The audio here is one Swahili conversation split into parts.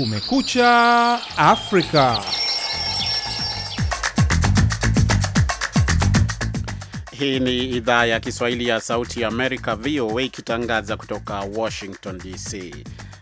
Kumekucha Afrika. Hii ni idhaa ya Kiswahili ya Sauti ya Amerika, VOA, ikitangaza kutoka Washington DC.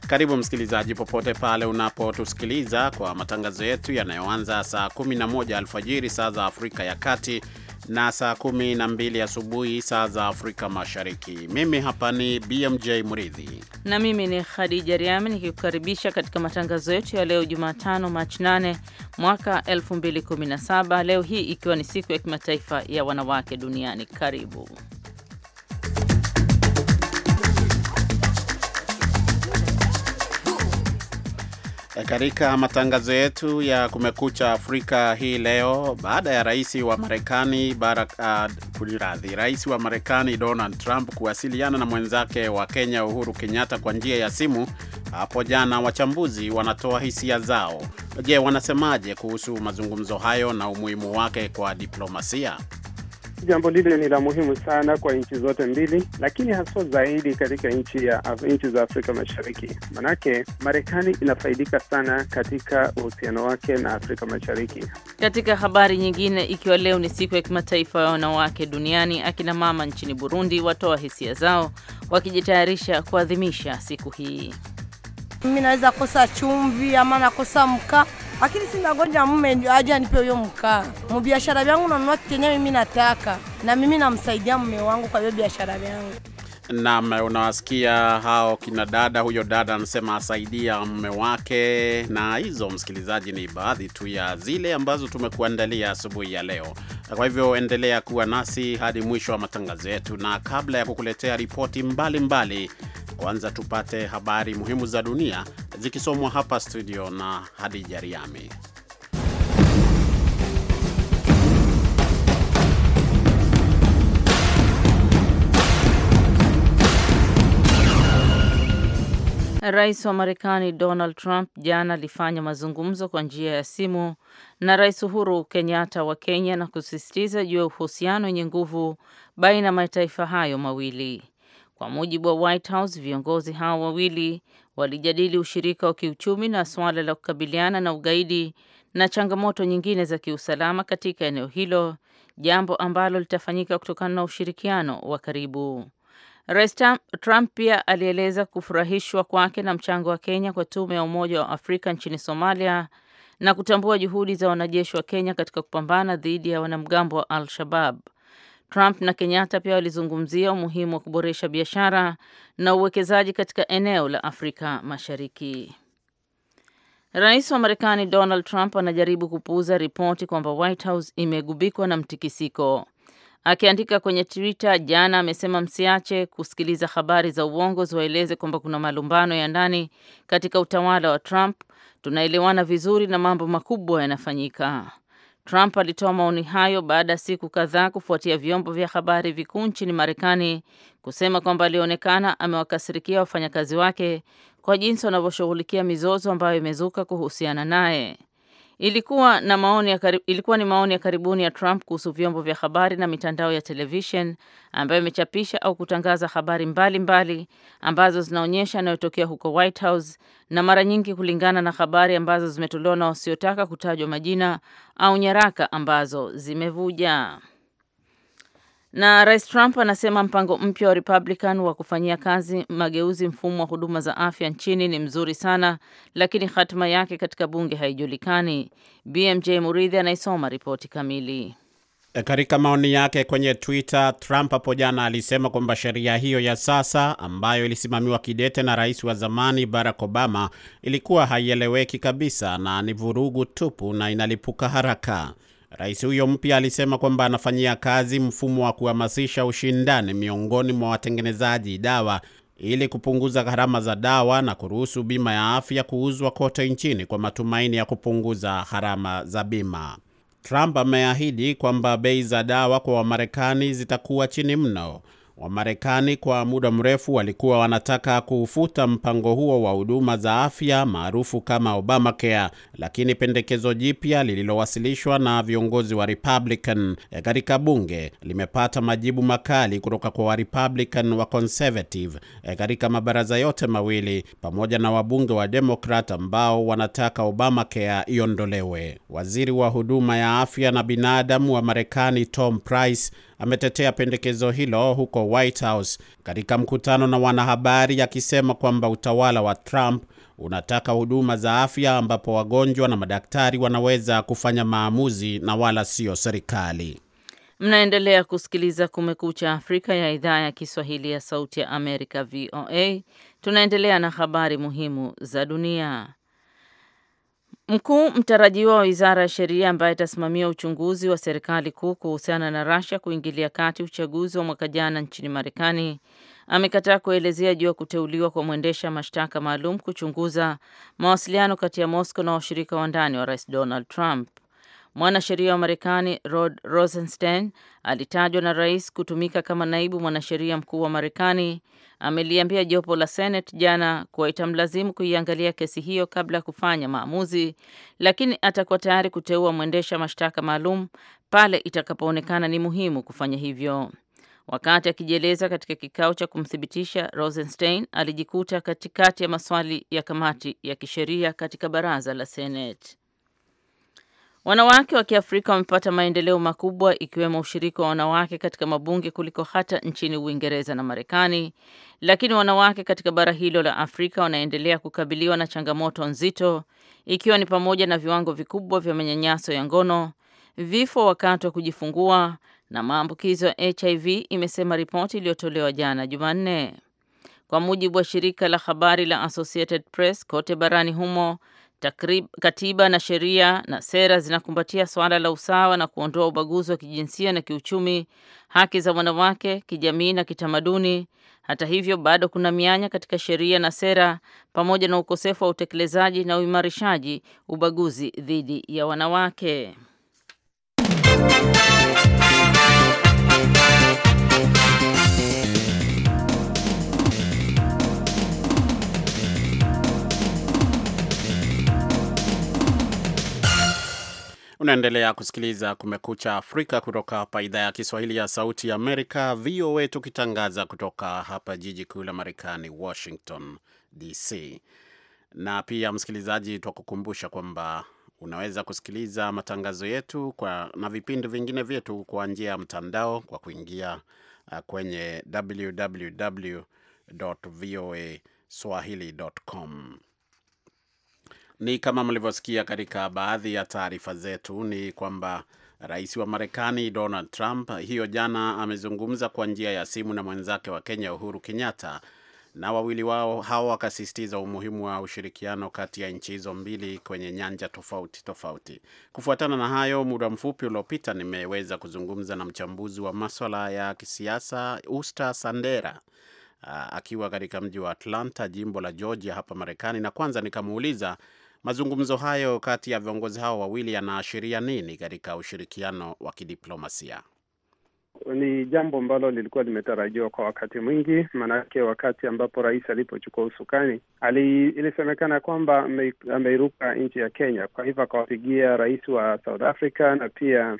Karibu msikilizaji, popote pale unapotusikiliza kwa matangazo yetu yanayoanza saa 11 alfajiri saa za Afrika ya Kati na saa kumi na mbili asubuhi saa za Afrika Mashariki. Mimi hapa ni BMJ Mridhi na mimi ni Khadija Riami nikikukaribisha katika matangazo yetu ya leo Jumatano, Machi 8 mwaka 2017, leo hii ikiwa ni siku ya kimataifa ya wanawake duniani. Karibu Eh, katika matangazo yetu ya Kumekucha Afrika hii leo, baada ya rais wa Marekani uh, rais wa Marekani Donald Trump kuwasiliana na mwenzake wa Kenya Uhuru Kenyatta kwa njia ya simu hapo jana, wachambuzi wanatoa hisia zao. Je, wanasemaje kuhusu mazungumzo hayo na umuhimu wake kwa diplomasia? Jambo lile ni la muhimu sana kwa nchi zote mbili, lakini haswa zaidi katika nchi ya nchi za Afrika Mashariki, manake Marekani inafaidika sana katika uhusiano wake na Afrika Mashariki. Katika habari nyingine, ikiwa leo ni siku ya kimataifa ya wanawake duniani, akina mama nchini Burundi watoa hisia zao wakijitayarisha kuadhimisha siku hii. Mi naweza kosa chumvi ama nakosa mkaa lakini si nagoja mume aje anipe huyo mkaa. biashara vyangu nanunua kenye mimi nataka, na mimi namsaidia mume wangu kwa hiyo biashara yangu. Naam, unawasikia hao kina dada. Huyo dada anasema asaidia mume wake, na hizo, msikilizaji, ni baadhi tu ya zile ambazo tumekuandalia asubuhi ya leo. Kwa hivyo endelea kuwa nasi hadi mwisho wa matangazo yetu, na kabla ya kukuletea ripoti mbalimbali, kwanza tupate habari muhimu za dunia zikisomwa hapa studio na Hadija Riami. Rais wa Marekani Donald Trump jana alifanya mazungumzo kwa njia ya simu na Rais Uhuru Kenyatta wa Kenya na kusisitiza juu ya uhusiano wenye nguvu baina ya mataifa hayo mawili. Kwa mujibu wa White House, viongozi hao wawili walijadili ushirika wa kiuchumi na suala la kukabiliana na ugaidi na changamoto nyingine za kiusalama katika eneo hilo, jambo ambalo litafanyika kutokana na ushirikiano wa karibu. Rais Trump pia alieleza kufurahishwa kwake na mchango wa Kenya kwa tume ya Umoja wa Afrika nchini Somalia na kutambua juhudi za wanajeshi wa Kenya katika kupambana dhidi ya wanamgambo wa Al-Shabab Trump na Kenyatta pia walizungumzia umuhimu wa kuboresha biashara na uwekezaji katika eneo la Afrika Mashariki. Rais wa Marekani Donald Trump anajaribu kupuuza ripoti kwamba White House imegubikwa na mtikisiko. Akiandika kwenye Twitter jana, amesema msiache kusikiliza habari za uongo ziwaeleze kwamba kuna malumbano ya ndani katika utawala wa Trump. Tunaelewana vizuri na mambo makubwa yanafanyika. Trump alitoa maoni hayo baada ya siku kadhaa kufuatia vyombo vya habari vikuu nchini Marekani kusema kwamba alionekana amewakasirikia wafanyakazi wake kwa jinsi wanavyoshughulikia mizozo ambayo imezuka kuhusiana naye. Ilikuwa, na maoni ya karibu, ilikuwa ni maoni ya karibuni ya Trump kuhusu vyombo vya habari na mitandao ya televishen ambayo imechapisha au kutangaza habari mbalimbali mbali, ambazo zinaonyesha yanayotokea huko White House na mara nyingi kulingana na habari ambazo zimetolewa na wasiotaka kutajwa majina au nyaraka ambazo zimevuja. Na Rais Trump anasema mpango mpya wa Republican wa kufanyia kazi mageuzi mfumo wa huduma za afya nchini ni mzuri sana, lakini hatima yake katika bunge haijulikani. BMJ Muridhi anaisoma ripoti kamili. E, katika maoni yake kwenye Twitter, Trump hapo jana alisema kwamba sheria hiyo ya sasa ambayo ilisimamiwa kidete na rais wa zamani Barack Obama ilikuwa haieleweki kabisa na ni vurugu tupu na inalipuka haraka. Rais huyo mpya alisema kwamba anafanyia kazi mfumo wa kuhamasisha ushindani miongoni mwa watengenezaji dawa ili kupunguza gharama za dawa na kuruhusu bima ya afya kuuzwa kote nchini kwa matumaini ya kupunguza gharama za bima. Trump ameahidi kwamba bei za dawa kwa Wamarekani zitakuwa chini mno. Wamarekani kwa muda mrefu walikuwa wanataka kuufuta mpango huo wa huduma za afya maarufu kama Obamacare, lakini pendekezo jipya lililowasilishwa na viongozi wa Republican eh, katika bunge limepata majibu makali kutoka kwa warpublican wa Conservative eh, katika mabaraza yote mawili pamoja na wabunge wa demokrat ambao wanataka Obamacare iondolewe. Waziri wa huduma ya afya na binadamu wa Marekani Tom Price ametetea pendekezo hilo huko White House katika mkutano na wanahabari, akisema kwamba utawala wa Trump unataka huduma za afya ambapo wagonjwa na madaktari wanaweza kufanya maamuzi na wala sio serikali. Mnaendelea kusikiliza Kumekucha Afrika ya idhaa ya Kiswahili ya Sauti ya Amerika, VOA. Tunaendelea na habari muhimu za dunia. Mkuu mtarajiwa wa wizara ya sheria ambaye atasimamia uchunguzi wa serikali kuu kuhusiana na Russia kuingilia kati uchaguzi wa mwaka jana nchini Marekani amekataa kuelezea juu ya kuteuliwa kwa mwendesha mashtaka maalum kuchunguza mawasiliano kati ya Moscow na washirika wa ndani wa Rais Donald Trump. Mwanasheria wa Marekani Rod Rosenstein alitajwa na rais kutumika kama naibu mwanasheria mkuu wa Marekani. Ameliambia jopo la Senate jana kuwa itamlazimu kuiangalia kesi hiyo kabla ya kufanya maamuzi, lakini atakuwa tayari kuteua mwendesha mashtaka maalum pale itakapoonekana ni muhimu kufanya hivyo. Wakati akijieleza katika kikao cha kumthibitisha, Rosenstein alijikuta katikati ya maswali ya kamati ya kisheria katika baraza la Senate. Wanawake wa Kiafrika wamepata maendeleo makubwa ikiwemo ushiriki wa wanawake katika mabunge kuliko hata nchini Uingereza na Marekani, lakini wanawake katika bara hilo la Afrika wanaendelea kukabiliwa na changamoto nzito ikiwa ni pamoja na viwango vikubwa vya manyanyaso ya ngono, vifo wakati wa kujifungua na maambukizo ya HIV, imesema ripoti iliyotolewa jana Jumanne. Kwa mujibu wa shirika la habari la Associated Press, kote barani humo Takrib, katiba na sheria na sera zinakumbatia suala la usawa na kuondoa ubaguzi wa kijinsia na kiuchumi, haki za wanawake, kijamii na kitamaduni. Hata hivyo, bado kuna mianya katika sheria na sera pamoja na ukosefu wa utekelezaji na uimarishaji ubaguzi dhidi ya wanawake. Unaendelea kusikiliza Kumekucha Afrika kutoka hapa idhaa ya Kiswahili ya Sauti ya Amerika, VOA, tukitangaza kutoka hapa jiji kuu la Marekani, Washington DC. Na pia msikilizaji, twakukumbusha kwamba unaweza kusikiliza matangazo yetu kwa, na vipindi vingine vyetu kwa njia ya mtandao kwa kuingia uh, kwenye www voa swahili.com. Ni kama mlivyosikia katika baadhi ya taarifa zetu, ni kwamba rais wa Marekani Donald Trump hiyo jana amezungumza kwa njia ya simu na mwenzake wa Kenya Uhuru Kenyatta, na wawili wao hawa wakasisitiza umuhimu wa ushirikiano kati ya nchi hizo mbili kwenye nyanja tofauti tofauti. Kufuatana na hayo, muda mfupi uliopita nimeweza kuzungumza na mchambuzi wa maswala ya kisiasa Usta Sandera akiwa katika mji wa Atlanta, jimbo la Georgia hapa Marekani, na kwanza nikamuuliza Mazungumzo hayo kati ya viongozi hao wawili yanaashiria nini katika ushirikiano wa kidiplomasia? ni jambo ambalo lilikuwa limetarajiwa kwa wakati mwingi, maanake wakati ambapo rais alipochukua usukani ali, ilisemekana kwamba ameiruka nchi ya Kenya, kwa hivyo akawapigia rais wa South Africa na pia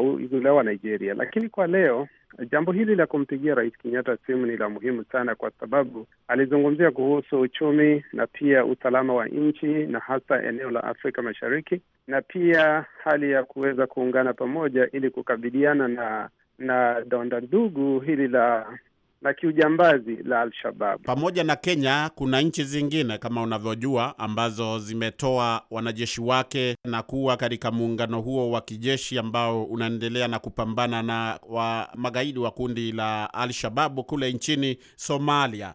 uh, ule wa Nigeria. Lakini kwa leo jambo hili la kumpigia rais Kenyatta simu ni la muhimu sana, kwa sababu alizungumzia kuhusu uchumi na pia usalama wa nchi na hasa eneo la Afrika Mashariki na pia hali ya kuweza kuungana pamoja ili kukabiliana na na donda ndugu hili la na kiujambazi la alshabab Pamoja na Kenya, kuna nchi zingine kama unavyojua ambazo zimetoa wanajeshi wake na kuwa katika muungano huo wa kijeshi ambao unaendelea na kupambana na wa magaidi wa kundi la alshababu kule nchini Somalia,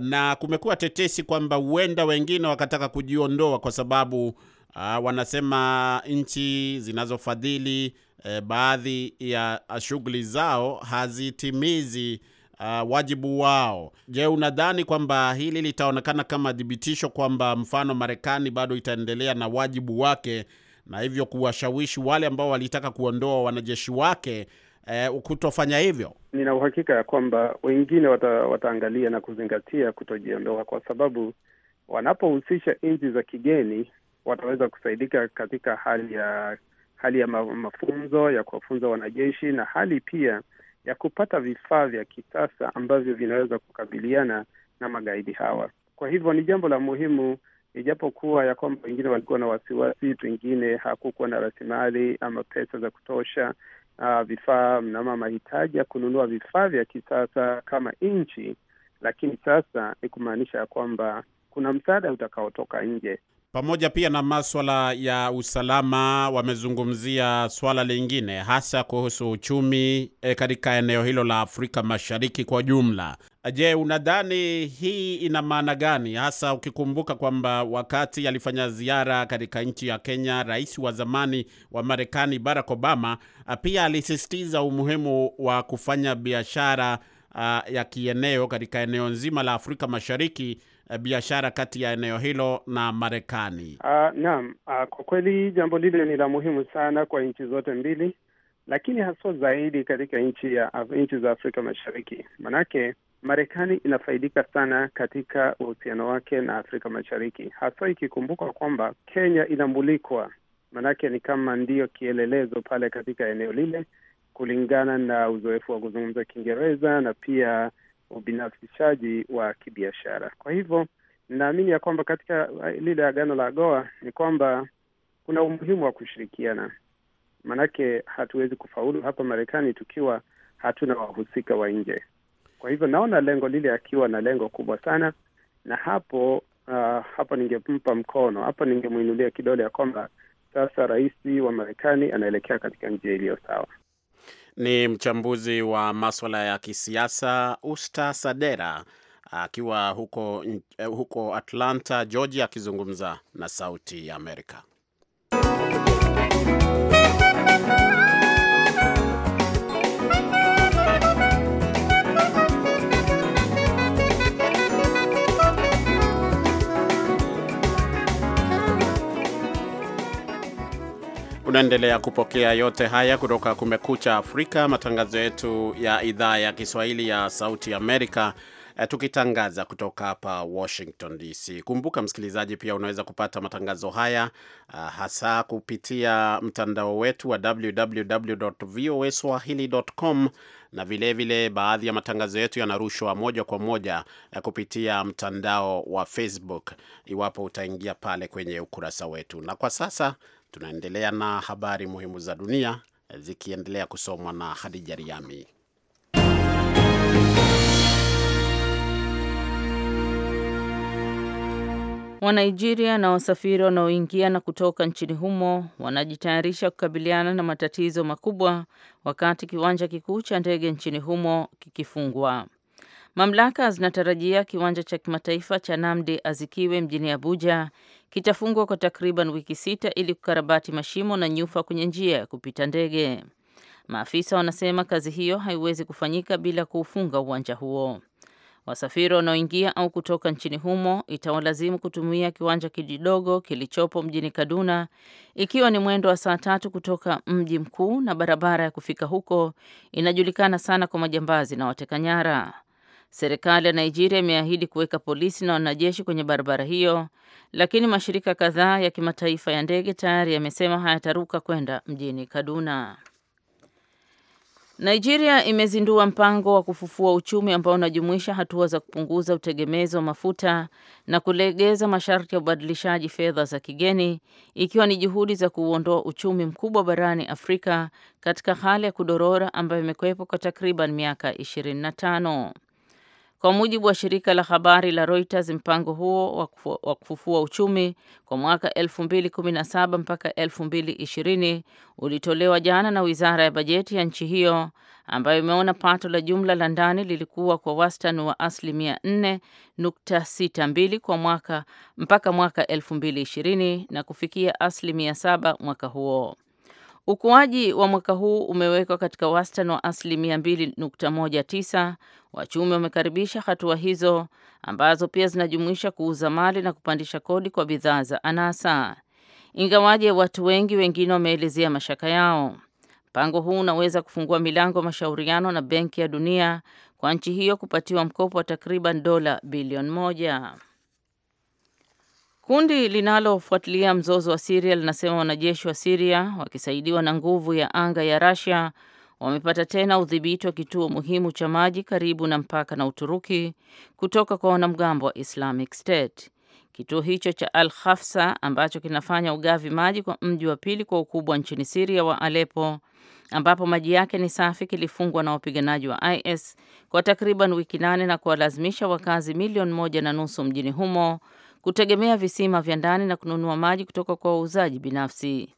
na kumekuwa tetesi kwamba huenda wengine wakataka kujiondoa kwa sababu Uh, wanasema nchi zinazofadhili eh, baadhi ya ah, shughuli zao hazitimizi uh, wajibu wao. Je, unadhani kwamba hili litaonekana kama dhibitisho kwamba mfano Marekani bado itaendelea na wajibu wake na hivyo kuwashawishi wale ambao walitaka kuondoa wanajeshi wake eh, kutofanya hivyo? Nina uhakika ya kwamba wengine wata, wataangalia na kuzingatia kutojiondoa kwa sababu wanapohusisha nchi za kigeni wataweza kusaidika katika hali ya hali ya mafunzo ya kuwafunza wanajeshi na hali pia ya kupata vifaa vya kisasa ambavyo vinaweza kukabiliana na magaidi hawa. Kwa hivyo ni jambo la muhimu, ijapokuwa ya kwamba wengine walikuwa na wasiwasi, pengine hakukuwa na rasilimali ama pesa za kutosha, uh, vifaa mnama mahitaji ya kununua vifaa vya kisasa kama nchi, lakini sasa ni kumaanisha ya kwamba kuna msaada utakaotoka nje pamoja pia na maswala ya usalama, wamezungumzia swala lingine hasa kuhusu uchumi e, katika eneo hilo la Afrika Mashariki kwa jumla. Je, unadhani hii ina maana gani hasa ukikumbuka kwamba wakati alifanya ziara katika nchi ya Kenya, rais wa zamani wa Marekani Barack Obama pia alisisitiza umuhimu wa kufanya biashara uh, ya kieneo katika eneo nzima la Afrika Mashariki Eh, biashara kati ya eneo hilo na Marekani? Uh, naam. Uh, kwa kweli jambo lile ni la muhimu sana kwa nchi zote mbili, lakini haswa zaidi katika nchi ya nchi za Afrika Mashariki, manake Marekani inafaidika sana katika uhusiano wake na Afrika Mashariki, haswa ikikumbuka kwamba Kenya inamulikwa, manake ni kama ndiyo kielelezo pale katika eneo lile, kulingana na uzoefu wa kuzungumza Kiingereza na pia ubinafsishaji wa kibiashara. Kwa hivyo ninaamini ya kwamba katika lile agano la goa ni kwamba kuna umuhimu wa kushirikiana, maanake hatuwezi kufaulu hapa Marekani tukiwa hatuna wahusika wa nje. Kwa hivyo naona lengo lile akiwa na lengo kubwa sana, na hapo uh, hapo ningempa mkono, hapo ningemwinulia kidole ya kwamba sasa rais wa Marekani anaelekea katika njia iliyo sawa. Ni mchambuzi wa maswala ya kisiasa Usta Sadera akiwa huko, eh, huko Atlanta, Georgia, akizungumza na Sauti ya Amerika. Unaendelea kupokea yote haya kutoka Kumekucha Afrika, matangazo yetu ya idhaa ya Kiswahili ya Sauti Amerika, eh, tukitangaza kutoka hapa Washington DC. Kumbuka msikilizaji, pia unaweza kupata matangazo haya ah, hasa kupitia mtandao wetu wa www www.voaswahili.com na vilevile vile baadhi ya matangazo yetu yanarushwa moja kwa moja eh, kupitia mtandao wa Facebook iwapo utaingia pale kwenye ukurasa wetu. Na kwa sasa Tunaendelea na habari muhimu za dunia zikiendelea kusomwa na Hadija Riami. Wanigeria na wasafiri wanaoingia na kutoka nchini humo wanajitayarisha kukabiliana na matatizo makubwa wakati kiwanja kikuu cha ndege nchini humo kikifungwa. Mamlaka zinatarajia kiwanja cha kimataifa cha Namdi Azikiwe mjini Abuja kitafungwa kwa takriban wiki sita ili kukarabati mashimo na nyufa kwenye njia ya kupita ndege. Maafisa wanasema kazi hiyo haiwezi kufanyika bila kuufunga uwanja huo. Wasafiri wanaoingia au kutoka nchini humo itawalazimu kutumia kiwanja kidogo kilichopo mjini Kaduna, ikiwa ni mwendo wa saa tatu kutoka mji mkuu, na barabara ya kufika huko inajulikana sana kwa majambazi na wateka nyara. Serikali ya Nigeria imeahidi kuweka polisi na wanajeshi kwenye barabara hiyo, lakini mashirika kadhaa ya kimataifa ya ndege tayari yamesema hayataruka kwenda mjini Kaduna. Nigeria imezindua mpango wa kufufua uchumi ambao unajumuisha hatua za kupunguza utegemezi wa mafuta na kulegeza masharti ya ubadilishaji fedha za kigeni ikiwa ni juhudi za kuuondoa uchumi mkubwa barani Afrika katika hali ya kudorora ambayo imekuwepo kwa takriban miaka 25. Kwa mujibu wa shirika la habari la Reuters, mpango huo wa kufufua uchumi kwa mwaka 2017 mpaka 2020 ulitolewa jana na Wizara ya Bajeti ya nchi hiyo ambayo imeona pato la jumla la ndani lilikuwa kwa wastani wa asilimia 4.62 kwa mwaka mpaka mwaka 2020 na kufikia asilimia 7 mwaka huo. Ukuaji wa mwaka huu umewekwa katika wastani wa asilimia 2.19. Wachumi wamekaribisha hatua hizo ambazo pia zinajumuisha kuuza mali na kupandisha kodi kwa bidhaa za anasa, ingawaje watu wengi wengine wameelezea mashaka yao. Mpango huu unaweza kufungua milango ya mashauriano na Benki ya Dunia kwa nchi hiyo kupatiwa mkopo wa takriban dola bilioni moja. Kundi linalofuatilia mzozo wa Siria linasema wanajeshi wa Siria wakisaidiwa na nguvu ya anga ya rasia wamepata tena udhibiti wa kituo muhimu cha maji karibu na mpaka na Uturuki kutoka kwa wanamgambo wa Islamic State. Kituo hicho cha Al Hafsa ambacho kinafanya ugavi maji kwa mji wa pili kwa ukubwa nchini Siria wa alepo ambapo maji yake ni safi, kilifungwa na wapiganaji wa IS kwa takriban wiki nane na kuwalazimisha wakazi milioni moja na nusu mjini humo kutegemea visima vya ndani na kununua maji kutoka kwa wauzaji binafsi.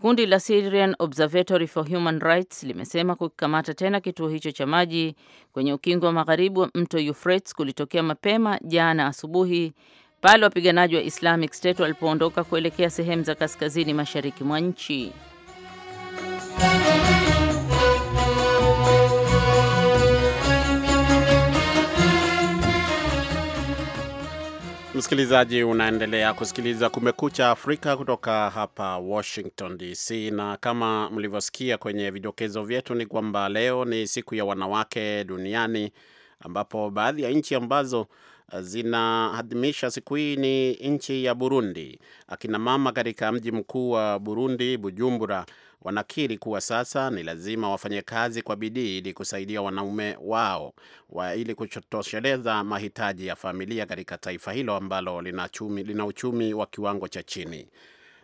Kundi la Syrian Observatory for Human Rights limesema kukikamata tena kituo hicho cha maji kwenye ukingo wa magharibi wa mto Euphrates kulitokea mapema jana asubuhi pale wapiganaji wa Islamic State walipoondoka kuelekea sehemu za kaskazini mashariki mwa nchi. Msikilizaji, unaendelea kusikiliza Kumekucha Afrika kutoka hapa Washington DC, na kama mlivyosikia kwenye vidokezo vyetu ni kwamba leo ni siku ya wanawake duniani, ambapo baadhi ya nchi ambazo zinaadhimisha siku hii ni nchi ya Burundi. Akina mama katika mji mkuu wa Burundi, Bujumbura, wanakiri kuwa sasa ni lazima wafanye kazi kwa bidii ili kusaidia wanaume wao wa ili kutosheleza mahitaji ya familia katika taifa hilo ambalo lina, chumi, lina uchumi wa kiwango cha chini.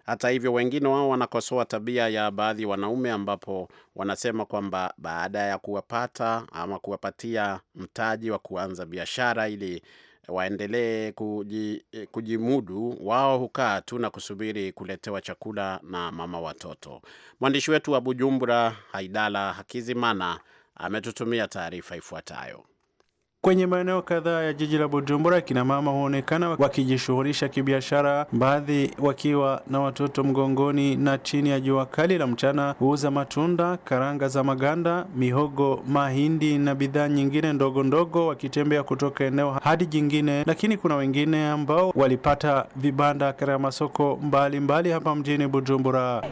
Hata hivyo wengine wao wanakosoa tabia ya baadhi ya wanaume ambapo wanasema kwamba baada ya kuwapata ama kuwapatia mtaji wa kuanza biashara ili waendelee kuji, kujimudu, wao hukaa tu na kusubiri kuletewa chakula na mama watoto. Mwandishi wetu wa Bujumbura, Haidala Hakizimana, ametutumia taarifa ifuatayo. Kwenye maeneo kadhaa ya jiji la Bujumbura, kina mama huonekana wakijishughulisha kibiashara, baadhi wakiwa na watoto mgongoni, na chini ya jua kali la mchana huuza matunda, karanga za maganda, mihogo, mahindi na bidhaa nyingine ndogo ndogo, wakitembea kutoka eneo hadi jingine. Lakini kuna wengine ambao walipata vibanda katika masoko mbalimbali mbali hapa mjini Bujumbura.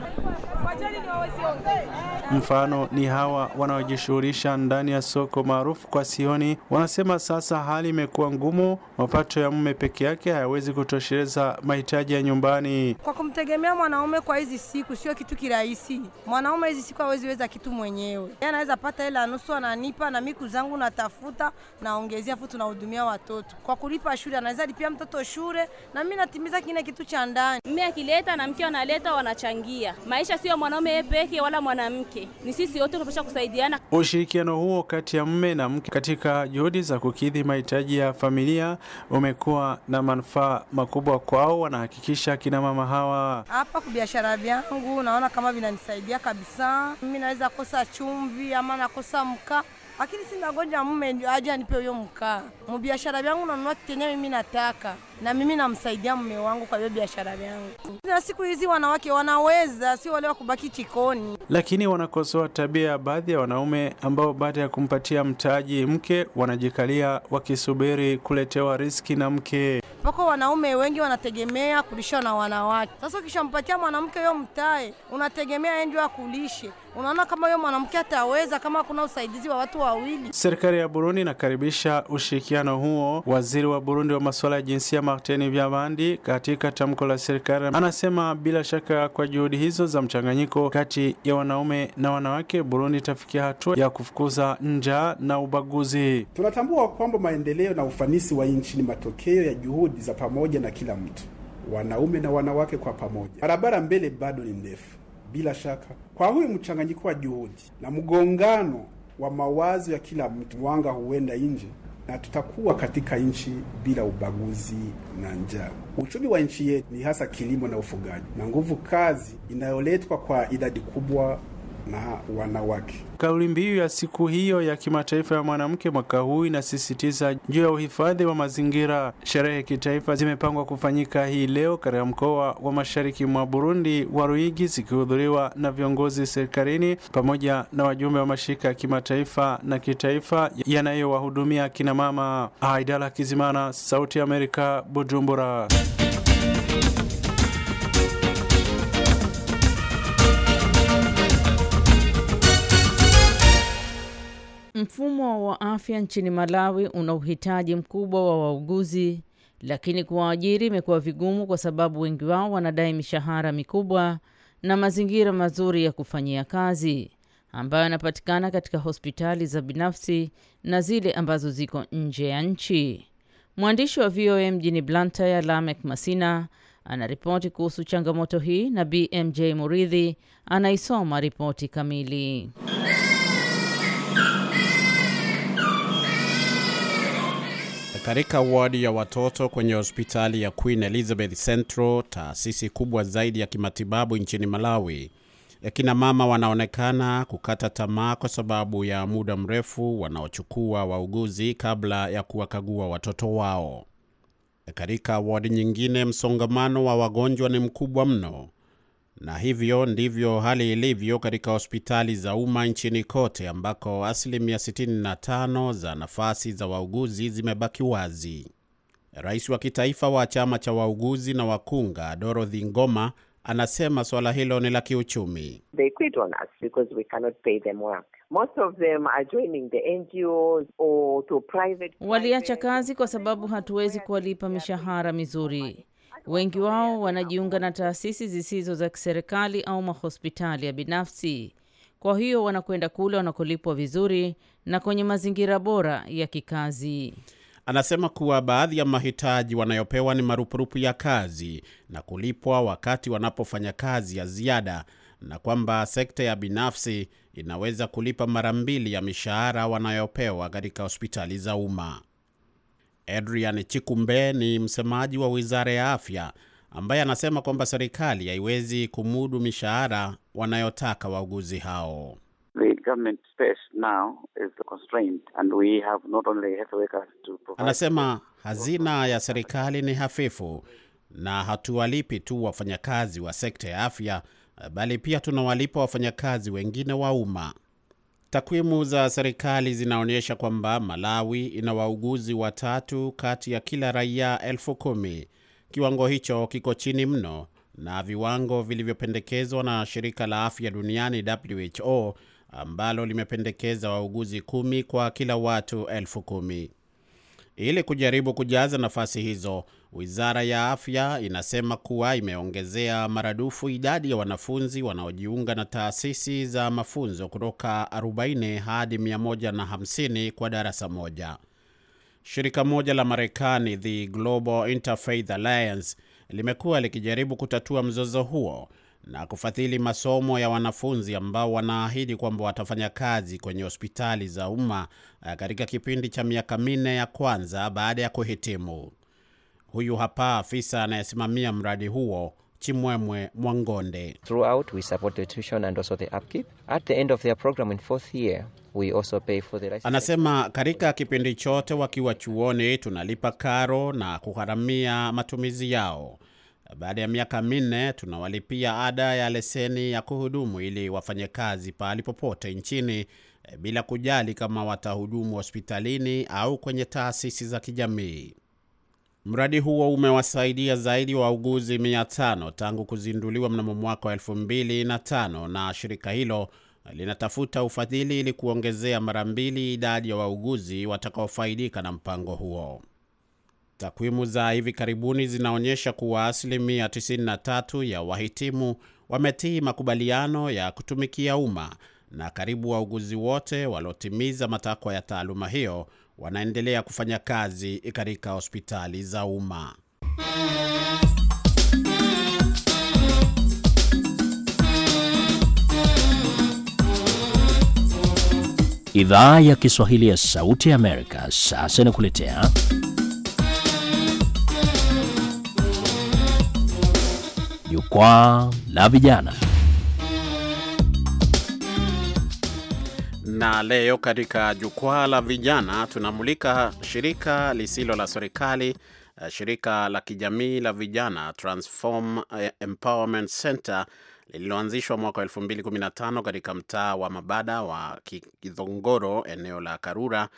Mfano ni hawa wanaojishughulisha ndani ya soko maarufu kwa Sioni, wanasema sasa hali imekuwa ngumu, mapato ya mume peke yake hayawezi kutosheleza mahitaji ya nyumbani. Kwa kumtegemea mwanaume kwa hizi siku sio kitu kirahisi. Mwanaume hizi siku hawezi weza kitu mwenyewe, yeye anaweza pata hela nusu, ananipa na miku zangu natafuta, naongezea futu, tunahudumia watoto kwa kulipa shule, anaweza lipia mtoto shule na mimi natimiza kile kitu cha ndani, mimi akileta na mke analeta, wanachangia maisha, sio mwanaume yeye peke wala mwanamke yake. Ni sisi wote tunapaswa kusaidiana. Ushirikiano huo kati ya mume na mke katika juhudi za kukidhi mahitaji ya familia umekuwa na manufaa makubwa kwao, wanahakikisha kina mama hawa. Hapa kwa biashara vyangu naona kama vinanisaidia kabisa, mimi naweza kosa chumvi ama nakosa mkaa lakini sinangoja mume aje anipe huyo mkaa. Mubiashara vyangu nanunua kitenye mimi nataka, na mimi namsaidia mume wangu kwa hiyo biashara vyangu. Na siku hizi wanawake wanaweza, si wale wa kubaki chikoni. Lakini wanakosoa tabia ya baadhi ya wanaume ambao baada ya kumpatia mtaji mke wanajikalia wakisubiri kuletewa riski na mke mpaka wanaume wengi wanategemea kulishwa na wanawake. Sasa ukishampatia mwanamke hiyo mtae, unategemea ndio akulishe. Unaona kama hiyo mwanamke ataweza kama kuna usaidizi wa watu wawili. Serikali ya Burundi inakaribisha ushirikiano huo. Waziri wa Burundi wa masuala ya jinsia Martin vyavandi katika tamko la serikali, anasema bila shaka kwa juhudi hizo za mchanganyiko kati ya wanaume na wanawake, Burundi itafikia hatua ya kufukuza njaa na ubaguzi. Tunatambua kwamba maendeleo na ufanisi wa nchi ni matokeo ya juhudi juhudi za pamoja na kila mtu, wanaume na wanawake kwa pamoja. Barabara mbele bado ni ndefu bila shaka. Kwa huyu mchanganyiko wa juhudi na mgongano wa mawazo ya kila mtu, mwanga huenda nje na tutakuwa katika nchi bila ubaguzi na njaa. Uchumi wa nchi yetu ni hasa kilimo na ufugaji, na nguvu kazi inayoletwa kwa idadi kubwa na wanawake. Kauli mbiu ya siku hiyo ya kimataifa ya mwanamke mwaka huu inasisitiza juu ya uhifadhi wa mazingira. Sherehe kitaifa zimepangwa kufanyika hii leo katika mkoa wa mashariki mwa Burundi wa Ruigi, zikihudhuriwa na viongozi serikalini pamoja na wajumbe wa mashirika ya kimataifa na kitaifa yanayowahudumia kinamama. Aidala Kizimana, Sauti ya Amerika, Bujumbura. Mfumo wa afya nchini Malawi una uhitaji mkubwa wa wauguzi, lakini kuwaajiri imekuwa vigumu kwa sababu wengi wao wanadai mishahara mikubwa na mazingira mazuri ya kufanyia kazi ambayo yanapatikana katika hospitali za binafsi na zile ambazo ziko nje ya nchi. Mwandishi wa VOA mjini Blantyre, Lamek Masina, anaripoti kuhusu changamoto hii na BMJ Muridhi anaisoma ripoti kamili. Katika wadi ya watoto kwenye hospitali ya Queen Elizabeth Central, taasisi kubwa zaidi ya kimatibabu nchini Malawi, kina mama wanaonekana kukata tamaa kwa sababu ya muda mrefu wanaochukua wauguzi kabla ya kuwakagua watoto wao. Katika wadi nyingine, msongamano wa wagonjwa ni mkubwa mno na hivyo ndivyo hali ilivyo katika hospitali za umma nchini kote ambako asilimia 65 za nafasi za wauguzi zimebaki wazi. Rais wa kitaifa wa chama cha wauguzi na wakunga Dorothy Ngoma anasema swala hilo ni la kiuchumi. Waliacha kazi kwa sababu hatuwezi kuwalipa mishahara mizuri. Wengi wao wanajiunga na taasisi zisizo za kiserikali au mahospitali ya binafsi, kwa hiyo wanakwenda kule wanakolipwa vizuri na kwenye mazingira bora ya kikazi. Anasema kuwa baadhi ya mahitaji wanayopewa ni marupurupu ya kazi na kulipwa wakati wanapofanya kazi ya ziada, na kwamba sekta ya binafsi inaweza kulipa mara mbili ya mishahara wanayopewa katika hospitali za umma. Adrian Chikumbe ni msemaji wa wizara ya afya ambaye anasema kwamba serikali haiwezi kumudu mishahara wanayotaka wauguzi hao. Anasema hazina ya serikali ni hafifu na hatuwalipi tu wafanyakazi wa sekta ya afya, bali pia tunawalipa wafanyakazi wengine wa umma. Takwimu za serikali zinaonyesha kwamba Malawi ina wauguzi watatu kati ya kila raia elfu kumi. Kiwango hicho kiko chini mno na viwango vilivyopendekezwa na shirika la afya duniani WHO ambalo limependekeza wauguzi kumi kwa kila watu elfu kumi. Ili kujaribu kujaza nafasi hizo, Wizara ya afya inasema kuwa imeongezea maradufu idadi ya wanafunzi wanaojiunga na taasisi za mafunzo kutoka 40 hadi 150 kwa darasa moja. Shirika moja la Marekani, the Global Interfaith Alliance, limekuwa likijaribu kutatua mzozo huo na kufadhili masomo ya wanafunzi ambao wanaahidi kwamba watafanya kazi kwenye hospitali za umma eh, katika kipindi cha miaka minne ya kwanza baada ya kuhitimu. Huyu hapa afisa anayesimamia mradi huo Chimwemwe Mwangonde. Throughout we support the tuition and also the upkeep. At the end of their program in fourth year, we also pay for the Anasema katika kipindi chote wakiwa chuoni tunalipa karo na kugharamia matumizi yao. Baada ya miaka minne tunawalipia ada ya leseni ya kuhudumu ili wafanye kazi pahali popote nchini eh, bila kujali kama watahudumu hospitalini au kwenye taasisi za kijamii. Mradi huo umewasaidia zaidi wauguzi 500 tangu kuzinduliwa mnamo mwaka wa 2005 na shirika hilo linatafuta ufadhili ili kuongezea mara mbili idadi ya wauguzi watakaofaidika na mpango huo. Takwimu za hivi karibuni zinaonyesha kuwa asilimia 93 ya wahitimu wametii makubaliano ya kutumikia umma na karibu wauguzi wote waliotimiza matakwa ya taaluma hiyo wanaendelea kufanya kazi katika hospitali za umma. Idhaa ya Kiswahili ya Sauti ya Amerika sasa inakuletea Jukwaa la Vijana. Na leo katika jukwaa la vijana tunamulika shirika lisilo la serikali, eh, shirika la kijamii la vijana Transform eh, Empowerment Center lililoanzishwa mwaka 2015 katika mtaa wa Mabada wa Kidhongoro, eneo la Karura,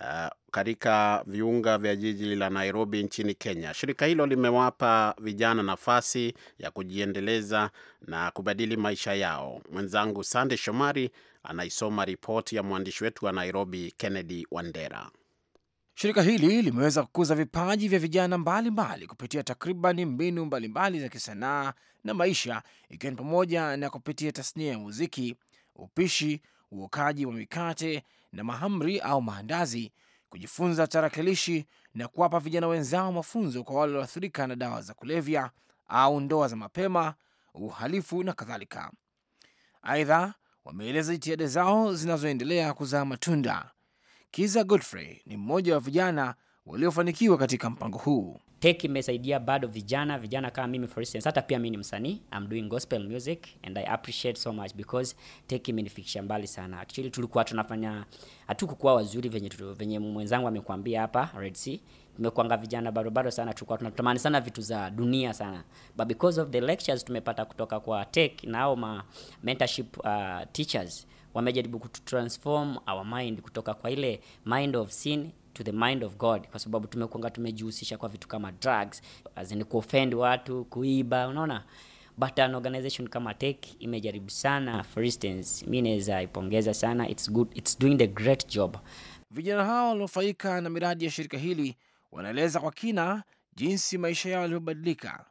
uh, katika viunga vya jiji la Nairobi nchini Kenya. Shirika hilo limewapa vijana nafasi ya kujiendeleza na kubadili maisha yao. Mwenzangu Sande Shomari Anaisoma ripoti ya mwandishi wetu wa Nairobi, Kennedy Wandera. Shirika hili limeweza kukuza vipaji vya vijana mbalimbali kupitia takriban mbinu mbalimbali za kisanaa na maisha, ikiwa ni pamoja na kupitia tasnia ya muziki, upishi, uokaji wa mikate na mahamri au maandazi, kujifunza tarakilishi na kuwapa vijana wenzao mafunzo kwa wale walioathirika na dawa za kulevya au ndoa za mapema, uhalifu na kadhalika. Aidha, wameeleza jitihada zao zinazoendelea kuzaa matunda. Kiza Godfrey ni mmoja wa vijana waliofanikiwa katika mpango huu. tek imesaidia bado vijana vijana kama mimi for instance, hata pia mi ni msanii, I'm doing gospel music and I appreciate so much because TEK imenifikisha mbali sana. Actually tulikuwa tunafanya hatukukuwa wazuri venye, venye mwenzangu amekuambia hapa Red Sea tumekuanga vijana bado bado sana, tulikuwa tunatamani sana vitu za dunia sana, but because of the lectures tumepata kutoka kwa tech na au ma mentorship uh, teachers wamejaribu kutransform our mind kutoka kwa ile mind of sin to the mind of God, kwa sababu tumekuanga tumejihusisha kwa vitu kama drugs, as in kuoffend watu, kuiba, unaona but an organization kama tech imejaribu sana. For instance, mi naweza ipongeza sana, it's good, it's doing the great job. Vijana hao waliofaika na miradi ya shirika hili wanaeleza kwa kina jinsi maisha yao yalivyobadilika,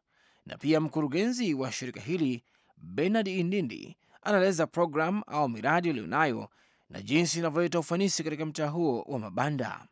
na pia mkurugenzi wa shirika hili Bernard Indindi anaeleza programu au miradi aliyonayo na jinsi inavyoleta ufanisi katika mtaa huo wa mabanda.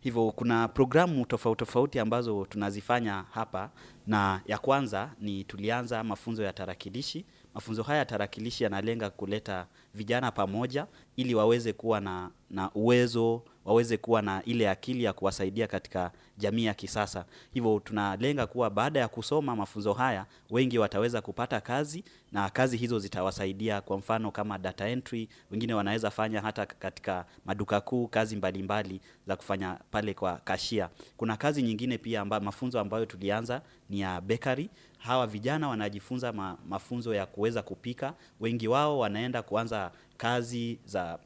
Hivyo kuna programu tofauti tofauti ambazo tunazifanya hapa, na ya kwanza ni tulianza mafunzo ya tarakilishi. Mafunzo haya ya tarakilishi yanalenga kuleta vijana pamoja ili waweze kuwa na, na uwezo waweze kuwa na ile akili ya kuwasaidia katika jamii ya kisasa. Hivyo tunalenga kuwa baada ya kusoma mafunzo haya, wengi wataweza kupata kazi na kazi hizo zitawasaidia, kwa mfano kama data entry. Wengine wanaweza fanya hata katika maduka kuu kazi mbalimbali mbali za kufanya pale kwa kashia. Kuna kazi nyingine pia amba, mafunzo ambayo tulianza ni ya bakery. Hawa vijana wanajifunza ma, mafunzo ya kuweza kupika. Wengi wao wanaenda kuanza kazi za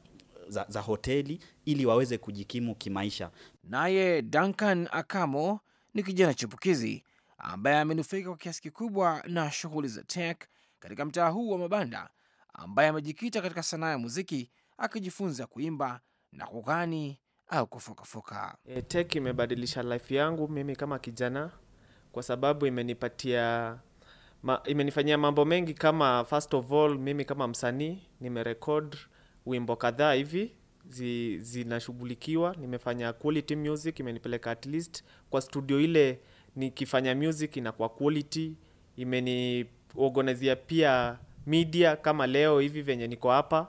za, za hoteli ili waweze kujikimu kimaisha. Naye Duncan Akamo ni kijana chipukizi ambaye amenufaika kwa kiasi kikubwa na shughuli za tech katika mtaa huu wa mabanda, ambaye amejikita katika sanaa ya muziki akijifunza kuimba na kughani au kufokafoka. E, eh, tech imebadilisha life yangu mimi kama kijana kwa sababu imenipatia ma, imenifanyia mambo mengi kama first of all, mimi kama msanii nimerekod wimbo kadhaa hivi zi, Nimefanya quality music, imenipeleka at least kwa studio ile nikifanya music na kwa quality, imeniorganizia pia media kama leo hivi venye niko hapa,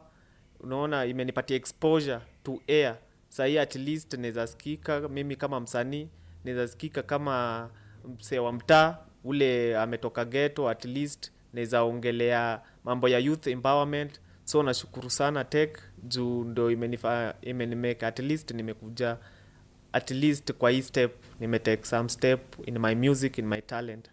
unaona, imenipatia exposure to air. Sahii at least naweza sikika mimi kama msanii, naweza sikika kama msee wa mtaa ule ametoka ghetto, at least naweza ongelea mambo ya youth empowerment so nashukuru sana tech juu ndo imenimeka at least nimekuja at least kwa hii step nimetake some step in my music in my talent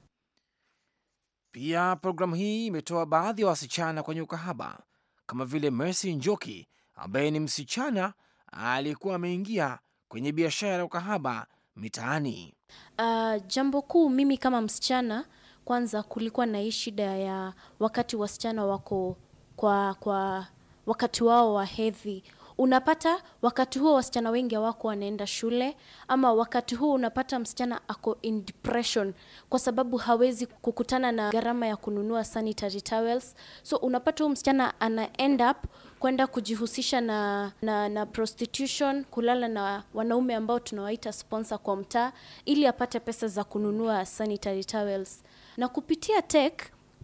pia programu hii imetoa baadhi ya wa wasichana kwenye ukahaba kama vile Mercy Njoki ambaye ni msichana alikuwa ameingia kwenye biashara ya ukahaba mitaani. Uh, jambo kuu mimi kama msichana, kwanza kulikuwa na hii shida ya wakati wasichana wako kwa, kwa wakati wao wa hedhi. Unapata wakati huo wasichana wengi awako wanaenda shule, ama wakati huo unapata msichana ako in depression kwa sababu hawezi kukutana na gharama ya kununua sanitary towels. So unapata huu msichana ana end up kwenda kujihusisha na, na, na prostitution, kulala na wanaume ambao tunawaita sponsor kwa mtaa, ili apate pesa za kununua sanitary towels. Na kupitia tech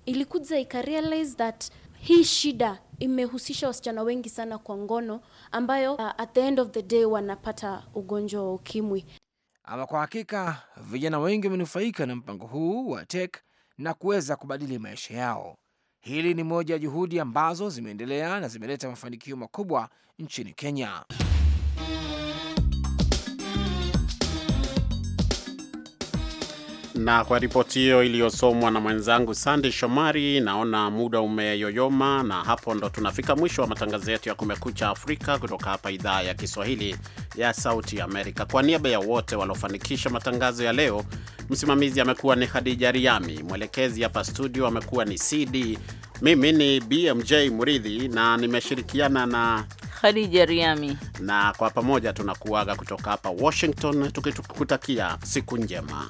ilikuja ikarealize that hii shida imehusisha wasichana wengi sana kwa ngono ambayo uh, at the end of the day wanapata ugonjwa wa ukimwi. Ama kwa hakika vijana wengi wamenufaika na mpango huu wa TEK na kuweza kubadili maisha yao. Hili ni moja ya juhudi ambazo zimeendelea na zimeleta mafanikio makubwa nchini Kenya. Na kwa ripoti hiyo iliyosomwa na mwenzangu Sandi Shomari, naona muda umeyoyoma, na hapo ndo tunafika mwisho wa matangazo yetu ya Kumekucha Afrika kutoka hapa idhaa ya Kiswahili ya Sauti Amerika. Kwa niaba ya wote waliofanikisha matangazo ya leo, msimamizi amekuwa ni hadija Riami, mwelekezi hapa studio amekuwa ni CD, mimi ni BMJ Muridhi na nimeshirikiana na Khadija Riami, na kwa pamoja tunakuaga kutoka hapa Washington tukikutakia siku njema.